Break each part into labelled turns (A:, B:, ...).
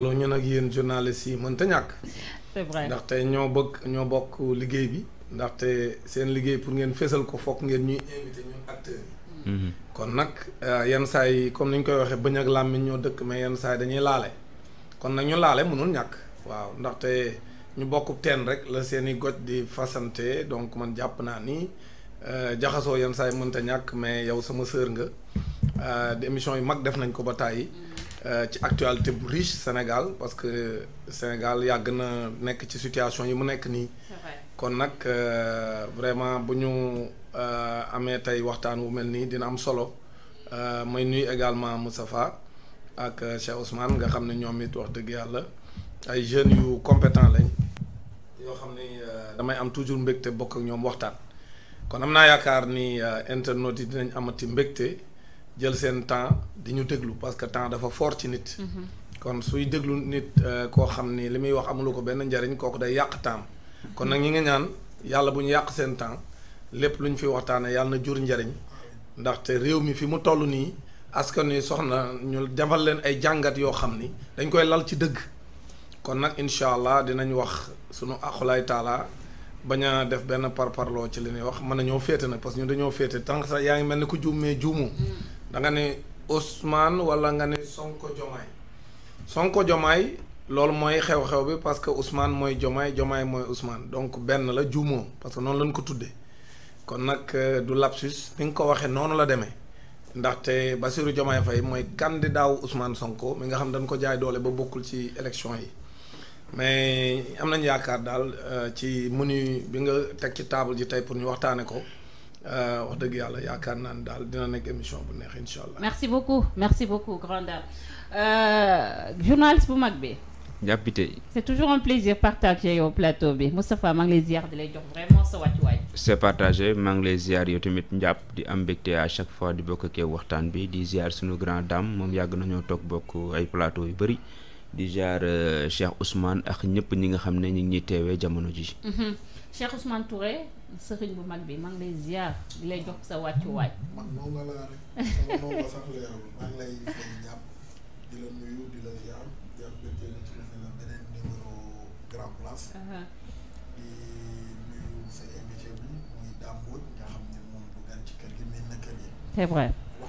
A: loolu ñun ak yéen journaliste yi mënta ñàkk. c'est vrai ndaxte ñoo bëgg ñoo bokk liggéey bi ndaxte seen liggéey pour ngeen fésal ko foog ngeen ñuy invité ñun acteurs yi. Mm-hmm. kon nag euh, yenn saa yi comme ni ñu koy waxee bëñ ak làmmiñ ñoo dëkk mais yenn saay dañuy laale kon nag ñu laale mënul ñàkk. waaw ndaxte ñu bokk teen rek la seen i goj di fasante donc man jàpp naa ni euh, jaxasoo yenn saa yi mënta ñàkk mais yow sama sœur nga euh, di émission yu mag def nañ ko ba tàyyi. Euh, ci actualité bu riche Sénégal parce que Sénégal yàgg na nekk ci situation yi mu nekk nii. kon nag euh, vraiment bu ñu euh, amee tey waxtaan wu mel nii dina am solo may nuy également Moustapha ak Cheikh Ousmane nga xam ne ñoom it wax dëgg yàlla ay jeunes yu compétent lañ yoo xam ni damay am toujours mbégte bokk ak ñoom waxtaan kon am naa yaakaar ni internautes yi dinañ amati mbégte. jël seen temps di ñu déglu parce que temps dafa foor ci nit. Mhm. kon suy déglu nit euh, koo xam ni li muy wax amulu ko benn njariñ kooku day yàq temps kon nag ñi nga ñaan yàlla bu ñu yàq seen temps lépp lu fi waxtaanee yàlla na jur njariñ ndaxte réew mi fi mu toll nii askan wi soxna ñu defal leen ay jàngat yoo xam ni dañ koy lal ci dëgg kon nag incha allah dinañ wax sunu axulaay taala bañ a def benn parparloo ci li ñuy wax mën nañoo féete nag parce que dañoo féete tant que yaa ngi mel ni ku juum mais juumu. Mm. da nga ne Ousmane wala nga ne Sonko Jomaay Sonko Jomaay loolu mooy xew-xew bi parce que Ousmane mooy Jomaay Jomaay mooy usmaan donc benn la juumoo parce que noonu lañ ko tuddee kon nag euh, du lapsus ni nga ko waxee noonu la demee ndaxte Bassirou Jomaay Faye mooy candidat wu usmaan Sonko mi nga xam dañ ko jaay doole ba bokkul ci élection yi mais am nañ yaakaar daal euh, ci menu bi nga teg ci table ji tey pour ñu waxtaane ko Euh, wax dëgg yàlla yaakaar naa daal dina nekk émission bu neex incha allah.
B: merci beaucoup merci beaucoup grande dame euh, journaliste bu mag bi. jàppite. c'est toujours un plaisir partagé yow plateau bi Moustapha maa ngi lay ziar di lay jox vraiment sa wàccuwaay. c'est partagé maa ngi lay ziar yow tamit njàpp di am mbégte à chaque fois di bokk ak waxtaan bi di ziar suñu grand dame moom yàgg nañoo toog bokk ay plateau yu bëri di ziar euh, Cheikh Ousmane ak ñëpp ñi nga xam ne ñu ngi jamono ji mhm. Cheikh Ousmane Touré sëriñ bu mag bi maa lay ziar di lay jox sa wàccuwaay. man moom la laa rek
A: sama moom la sax leeral maa ngi lay fay ñàpp di la nuyu di la ziar di am bépp yéen uh-huh. nuyu sa invité bi muy Dame nga xam ne moom du gan ci kër gi mel na kër yi. c'est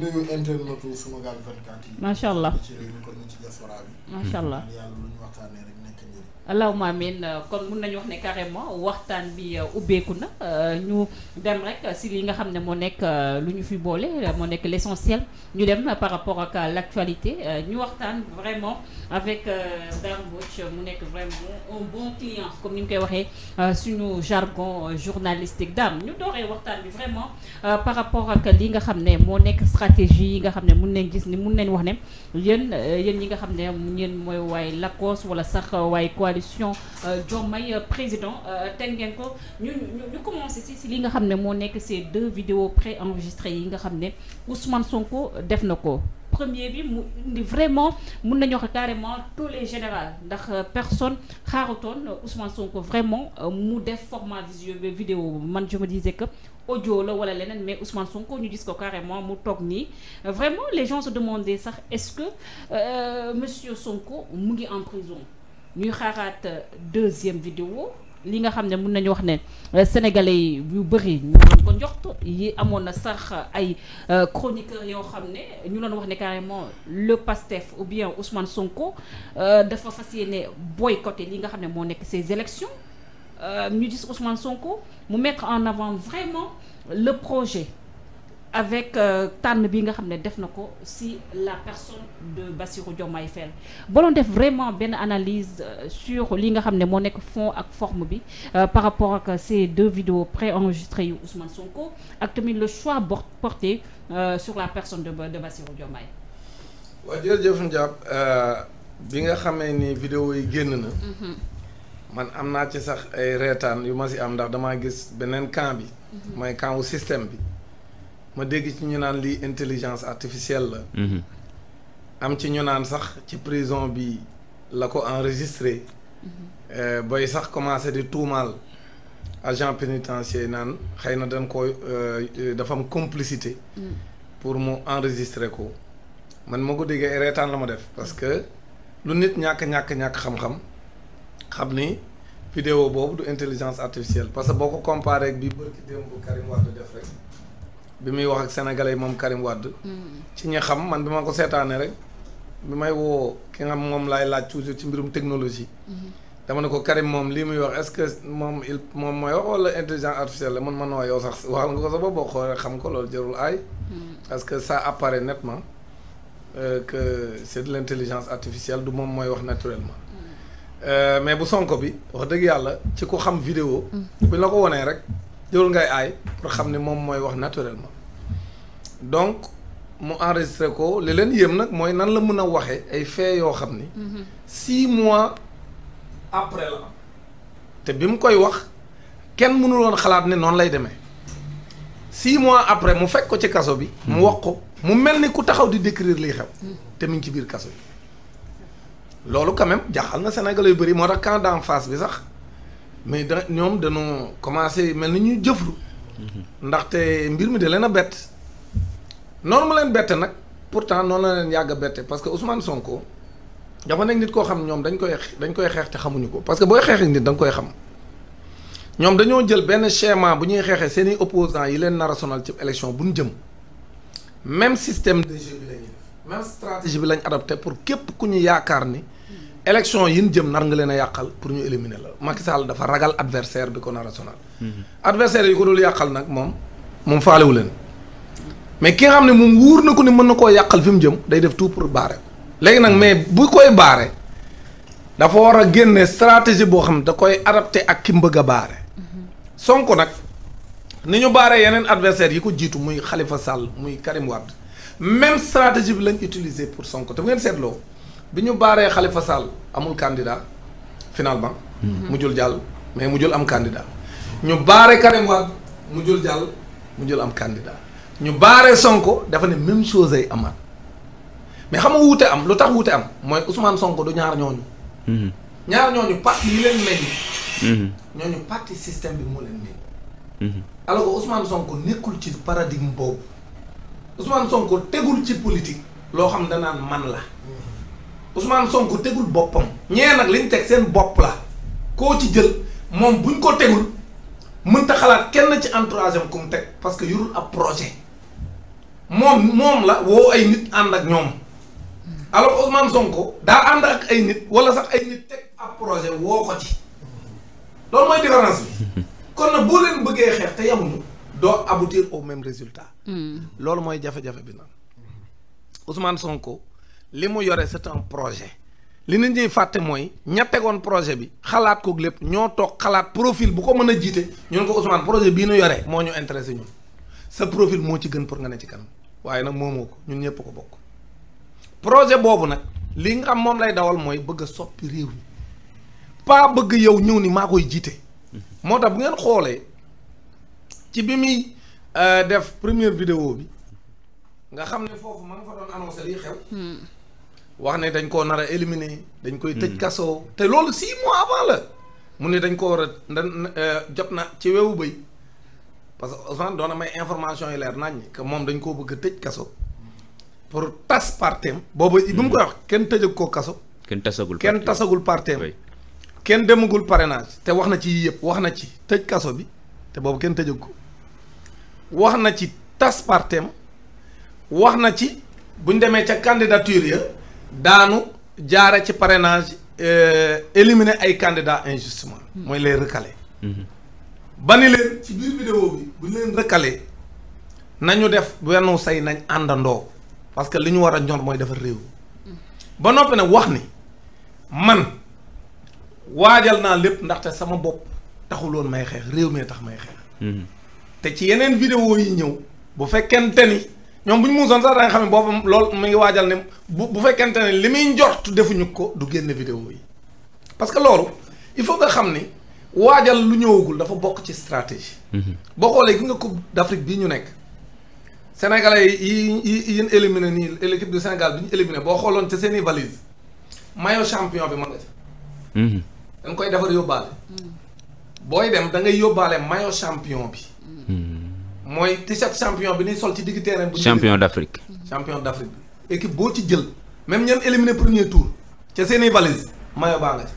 A: nuyu internet Sunugal 24 yi. macha allah ci réew macha allah yàlla lu ñu waxtaanee
B: kon mun nañu wax ne carrément waxtaan bi euh, ubbeeku na euh, ñu dem rek euh, si li nga xam ne moo nekk lu ñu fi boole moo nekk l' essentiel ñu dem par rapport ak l' actualité ñu waxtaan vraiment avec Dame mu nekk vraiment un bon client comme ni ñu koy waxee suñu jargon journalistique Dame ñu dooree waxtaan bi vraiment par rapport ak li nga xam ne moo nekk. nekk stratégie yi nga xam ne mun nañ gis ni mun nañ wax ne yéen euh, yéen ñi nga xam ne yéen mooy waaye lakkoos wala sax waaye coalition euh, Diomaye président euh, teg ngeen ko ñu ñu commencé si si li nga xam ne moo nekk ces deux vidéos préenregistrées yi nga xam ne Ousmane Sonko def na ko premier bi mu indi vraiment mun nañu wax carrément tous les généraux ndax euh, personne xaarutoon euh, Ousmane Sonko vraiment euh, mu def format visio vidéo man je ko disais que la wala leneen mais Ousmane Sonko ñu gis ko carrément mu toog nii vraiment les gens se demandaient sax est-ce que euh, monsieur Sonko mu ngi en prison ñuy xaaraat deuxième vidéo li nga xam ne mun nañu wax ne euh, sénégalais yi yu bëri ñu doon ko njoxtu yi amoon na sax ay euh, chroniqueurs yoo xam ne ñu doon wax ne carrément le PASTEF ou bien Ousmane Sonko euh, dafa fas yéene côté li nga xam ne moo nekk ces élections ñu gis Ousmane Sonko mu mettre en avant vraiment le projet avec euh, tànn bi nga xam ne def na ko si la personne de Bassirou Diomaye Faye ba doon def vraiment benn analyse euh, sur li nga xam ne moo nekk fond ak forme bi euh, par rapport ak ces deux vidéos préenregistrées yu Ousmane Sonko ak tamit le choix porté sur la personne de de Bassirou Diomaye.
A: waaw jërëjëf Ndiab bi nga xamee ni vidéo yi génn na. Mhm. man am naa ci sax ay reetaan yu ma si am ndax damaa gis beneen camp bi. Mhm. mooy camp système bi. ma dégg ci ñu naan lii intelligence artificielle la. Mhm. am ci ñu naan sax ci prison bi la ko enregistré. Mhm. Euh, bay sax commencé di tuumaal agent pénitentiaire naan xëy na dañ ko euh, dafa am complicité. Mhm. pour mu enregistré ko man ma ko déggee reetaan la ma def parce que lu nit ñàkk ñàkk ñàkk xam-xam xam ni vidéo boobu du intelligence artificielle parce que boo ko comparé ak bi bërki démb bu Karim Wade def rek. bi muy wax ak sénégalais yi moom Karim Wade. ci ñi xam man bi ma ko seetaanee rek bi may woo ki nga xam moom laay laaj toujours ci mbirum technologie. dama ne ko Karim moom lii muy wax est-ce que moom il moom mooy wax walla intelligence artificielle la man ma noo yow sax waxal nga ko sa bopp boo xoolee xam ko loolu jarul aay. parce que sa apparaît nettement euh, que c'est de l'intelligence artificielle du moom mooy wax naturellement. Euh, mais bu sonko bi wax dëgg yàlla ci ko xam vidéo. Mm. la ko wonee rek. jërul ngay aay pour xam ne moom mooy wax naturellement donc mu enregistré ko li leen yéem nag mooy nan la mën a waxee ay fait yoo xam ni. Mhm. six mois après la te bi mu koy wax kenn mënul woon xalaat ne noonu lay demee six mois après mu fekk ko ci kaso bi. mu mhm. wax ko mu mel ni ku taxaw di décrire liy xew. Mhm. te mu ngi ci biir kaso bi. loolu quand même jaaxal na Sénégalais yu bëri moo tax camp d'en bi sax. mais da ñoom dañoo commencé mel ni ñuy jëflu ndaxte mbir mi da leen a bett noonu mu leen bette nag pourtant noonu la leen yàgg a bette parce que Ousmane Sonko dafa nekk nit koo xam ñoom dañ koy dañ koy xeex te xamuñu ko parce que booy xeex nit danga koy xam ñoom dañoo jël benn schéma bu ñuy xeexee seen i opposants yi leen nar a sonal ci élection bu ñu jëm même système de jeu bi lañuy def stratégie bi lañ adopté pour képp ku ñu yaakaar ni yi yin jëm nar nga leen a yàqal pour ñu éliminer la Macky Sall dafa ragal adversaire bi ko nar a sonal mhm. adversaire yi ko dul yàqal nag moom moom faalewu leen mais ki nga xam ne moom wuur na ko ni mën na koo yàqal fi mu jëm day def tout pour baare léegi nag mhm. mais bu koy baare dafa war a génne stratégie boo xam ne da koy adapté ak ki mbëgg a baare mhm. sonk nag ni ñu baaree yeneen adversaire yi ko jiitu muy xalifa Sall muy Karim Wade même stratégie bi lañ utiliser pour Sonko te ngeen seetloo bi ñu baaree Khalifa Sall amul candidat finalement. Hmm. jul jàll mais mu jul am candidat. ñu baare Karim mu mujjul jàll mu jul am candidat ñu baaree Sonko dafa ne même chose ay amaat mais xam nga wuute am lu tax wuute am mooy Ousmane Sonko du ñaar ñooñu. Hmm. ñaar ñooñu parti yi hmm. système bi moo leen meññ. alors que Sonko nekkul ci paradigme boobu Ousmane Sonko tegul ci politique loo xam danaan man la. Ousmane Sonko tegul boppam. ñee nag liñ teg seen bopp la koo ci jël moom buñ ko tegul mënta xalaat kenn ci entourage am ku mu teg parce que yorul ab projet moom moom la woo ay nit ànd ak ñoom alors Ousmane Sonko daa ànd ak ay nit wala sax ay nit teg ab projet woo ko ci loolu mooy différence bi kon nag boo leen bëggee xeex te yamuñu doo aboutir au même résultat. Hmm. loolu mooy jafe-jafe bi nag Ousmane Sonko. li mu yore c'est un projet li nit ñuy fàtte mooy ña tegoon projet bi xalaat kook lépp ñoo toog xalaat profil bu ko mën a jiite ñun ko Ousmane projet bii nu yore moo ñu intéressé ñun sa profil moo ci gën pour nga ne ci kan waaye nag moomoo ko ñun ñëpp ko bokk boobu nag li nga xam moom lay dawal mooy bëgg a soppi réew mi pas bëgg yow ñëw ni maa koy jiite moo tax bu ngeen xoolee ci bi muy euh, def première vidéo bi nga xam ne foofu ma nga fa doon annoncé lii xew hmm. wax ne dañ koo nar a éliminer dañ koy tëj hmm. kaso te loolu six mois avant la mu ne dañ koo war a dan e, jot na ci weewu bëy parce que Ousmane doon na may information yi leer nañ que moom dañ koo bëgg a tëj kaso pour tas partem boobu bi mu hmm. koy wax kenn tëjag koo kaso kenn tasagul kenn tasagul partem kenn demagul pare parrainage te wax na ci yëpp wax na ci tëj kaso bi te boobu kenn tëjag ko wax na ci tas partem wax na ci buñ demee ca candidature ya daanu jaare ci parrainage euh, éliminer ay candidats injustement hmm. mooy les recalés hmm. ba ni leen ci biir vidéo bi bu ñu leen recalé nañu def benn say nañ àndandoo parce que li ñu war a ñor mooy defar réew hmm. ba noppe nag wax ni man waajal naa lépp ndaxte sama bopp taxuloon may xeex réew mee tax may xeex te ci yeneen vidéo yi ñëw bu fekkente ni ñoom bu ñu muusoon sax da xam ne boobu lool mu ngi waajal ne bu bu fekkente ne li muy njort defuñu ko du génn vidéo yi parce que loolu il faut nga xam ni waajal lu ñëwagul dafa bokk ci stratégie. Mhm. boo xoolee ki nga coupe d'Afrique bii ñu nekk sénégalais yi yi yéen éliminé nii l'équipe du Sénégal bi ñu éliminé boo xooloon ci seen i valise maillot champion bi mën nga ci. Mhm. dañ koy defar yóbbaale. Mhm. booy dem da ngay yóbbaale mayo champion bi. mooy t-shirt champion bi ni sol ci digg terrain. champion d' Afrique. champion d' Afrique bi équipe boo ci jël même ñeen éliminé premier tour ca seeni valise mayo baa nga ci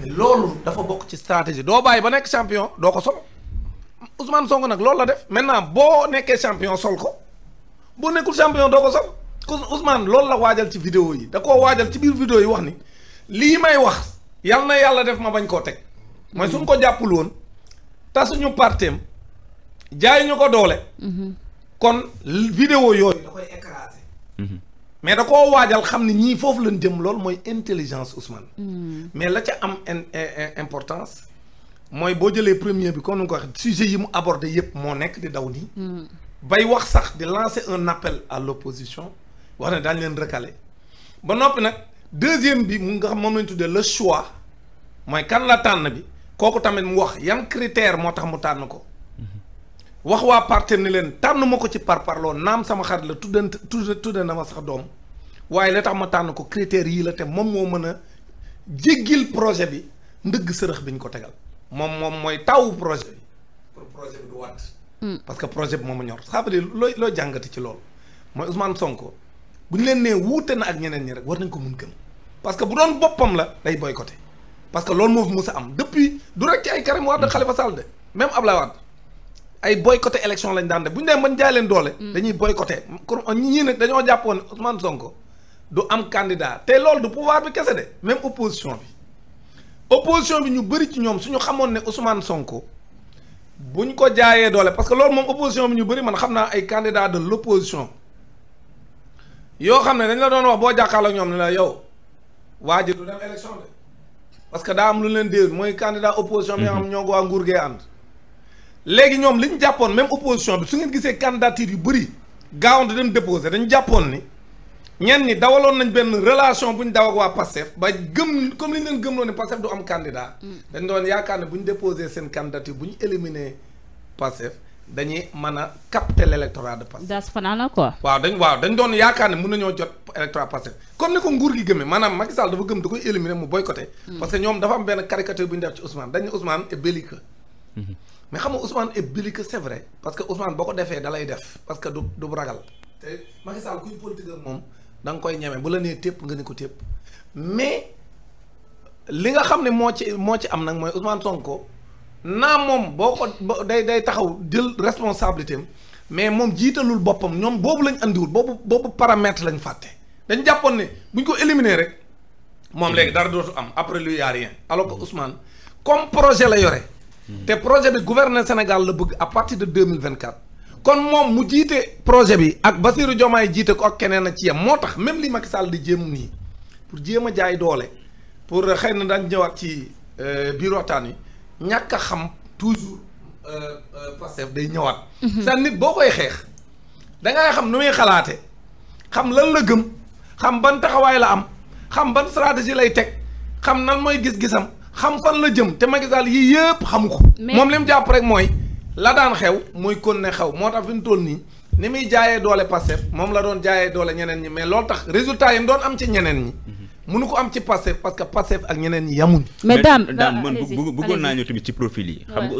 A: mais loolu dafa bokk ci stratégie doo bàyyi ba nekk champion doo ko sol Ousmane Sonko nag loolu la def maintenant boo nekkee champion sol ko boo nekkul champion doo ko sol Ousmane loolu la waajal ci vidéo yi da koo waajal ci biir vidéo yi wax ni lii may wax yal na yàlla def ma bañ koo teg mooy suñ ko jàppul woon tasuñu parteem jaay ñu ko doole. Mhm. kon vidéo yooyu da mhm. mais da koo waajal xam ne ñii foofu lañ jëm lool mooy intelligence ausman mhm. mais la ca am importance. mooy boo jëlee premier bi kon ni nga ko waxee yi mu abordé yëpp moo nekk di daw nii. bay wax sax di lancer un appel à l'opposition wax ne daañu leen recalé ba noppi nag deuxième bi mu nga xam moom lañ tuddee le choix mooy kan la tànn bi kooku tamit mu wax yan critère moo tax mu tànn ko. wax waa parteem ni leen tànn ma ko ci par parloo naam sama xarit la tuddan tudde na ma sax doom waaye la tax ma tànn ko critères yii la te moom moo mën a jéggil projet bi ndëgg sërëx bi ñu ko tegal moom moom mooy tawu projet bi hmm. parce que projet bi moom a ñor ça veut dire looy loo jàngati ci lool mooy Ousmane Sonko bu ñu leen nee wuute na ak ñeneen ñi rek war nañ ko mun gëm parce que bu doon boppam la day boycotté parce que loolu moo fi mës a am depuis du rek ci ay Karim Wade xalifa hmm. Sall de même Ablaye Wade ay boycotté élection lañ daan de bu ñu demee mën jaay leen doole. Mm. dañuy boycotté ñii nag dañoo jàppoon Ousmane Sonko du am candidat te loolu du pouvoir bi kese de même opposition bi opposition bi ñu bëri ci ñoom suñu xamoon ne Ousmane Sonko buñ ko jaayee doole parce que loolu moom opposition bi ñu bëri man xam naa ay candidat de l' yoo xam ne dañ la doon wax boo jàkkaarloo ñoom ne la yow waa ji du dem élection de parce que daa am lu leen déet mooy candidat opposition bi nga xam mm-hmm. ñoo ko waa ànd. léegi ñoom li ñu jàppoon même opposition bi su ngeen gisee candidature yu bëri gaawante dem déposé dañu jàppoon ni ñenn ñi dawaloon nañ benn relation bu ñu daw ak waa Pastef ba gëm comme li ñu leen gëmloo ne Pastef du am candidat. Mm. dañ doon yaakaar ne bu ñu déposé seen candidature bu ñu éliminé Pastef dañuy mën a capter l' électorat de Pastef.
B: das fanaan quoi.
A: waaw dañ waaw dañ doon yaakaar ne mun nañoo jot électorat Pastef comme ni ko nguur gi gëmee maanaam Macky dafa gëm mais xam nga Ousmane est belliqueux c'est vrai parce que Ousmane boo ko defee parce que du du ragal te Macky Sall kuy moom da koy ñeme bu la nee tépp nga ni ko tépp mais li nga xam ne moo ci moo ci am nag mooy Ousmane Sonko naa moom boo ko day day taxaw jël responsabilité am mais moom jiitalul boppam ñoom boobu lañ andiwul boobu boobu paramètre lañ fàtte dañ jàppoon ne buñ ko éliminer rek moom léegi dara dootu am après lui y a rien alors comme projet la yore. te projet bi gouverner Sénégal la bëgg à partir de deux mille vingt quatre kon moom mu jiite projet bi ak Bassirou Diomaye jiite ko ak keneen a ci yem moo tax même li mag Sall di jéem nii pour jéem a jaay doole pour xëy na daan ñëwaat ci euh, biir waxtaan yi ñàkk a xam toujours euh, euh, Pastef day ñëwaat. Mhm. sa nit boo koy xeex da xam nu muy xalaate xam lan la gëm xam ban taxawaay la am xam ban stratégie lay teg xam nan mooy gis-gisam. xam fan la jëm te Macky Sall yii yëpp xamu ko. moom li mu jàpp rek mooy la daan xew mooy kon ne xew moo tax fi mu nii ni muy jaayee doole Pastef moom la doon jaaye doole ñeneen ñi mais loolu tax résultat yi mu doon am ci ñeneen ñi. mënu mhm. ko am ci Pastef parce que Pastef ak ñeneen ñi yamuñ. mais daam daam man buggoon naa ñëw tamit ci profil yi xam nga.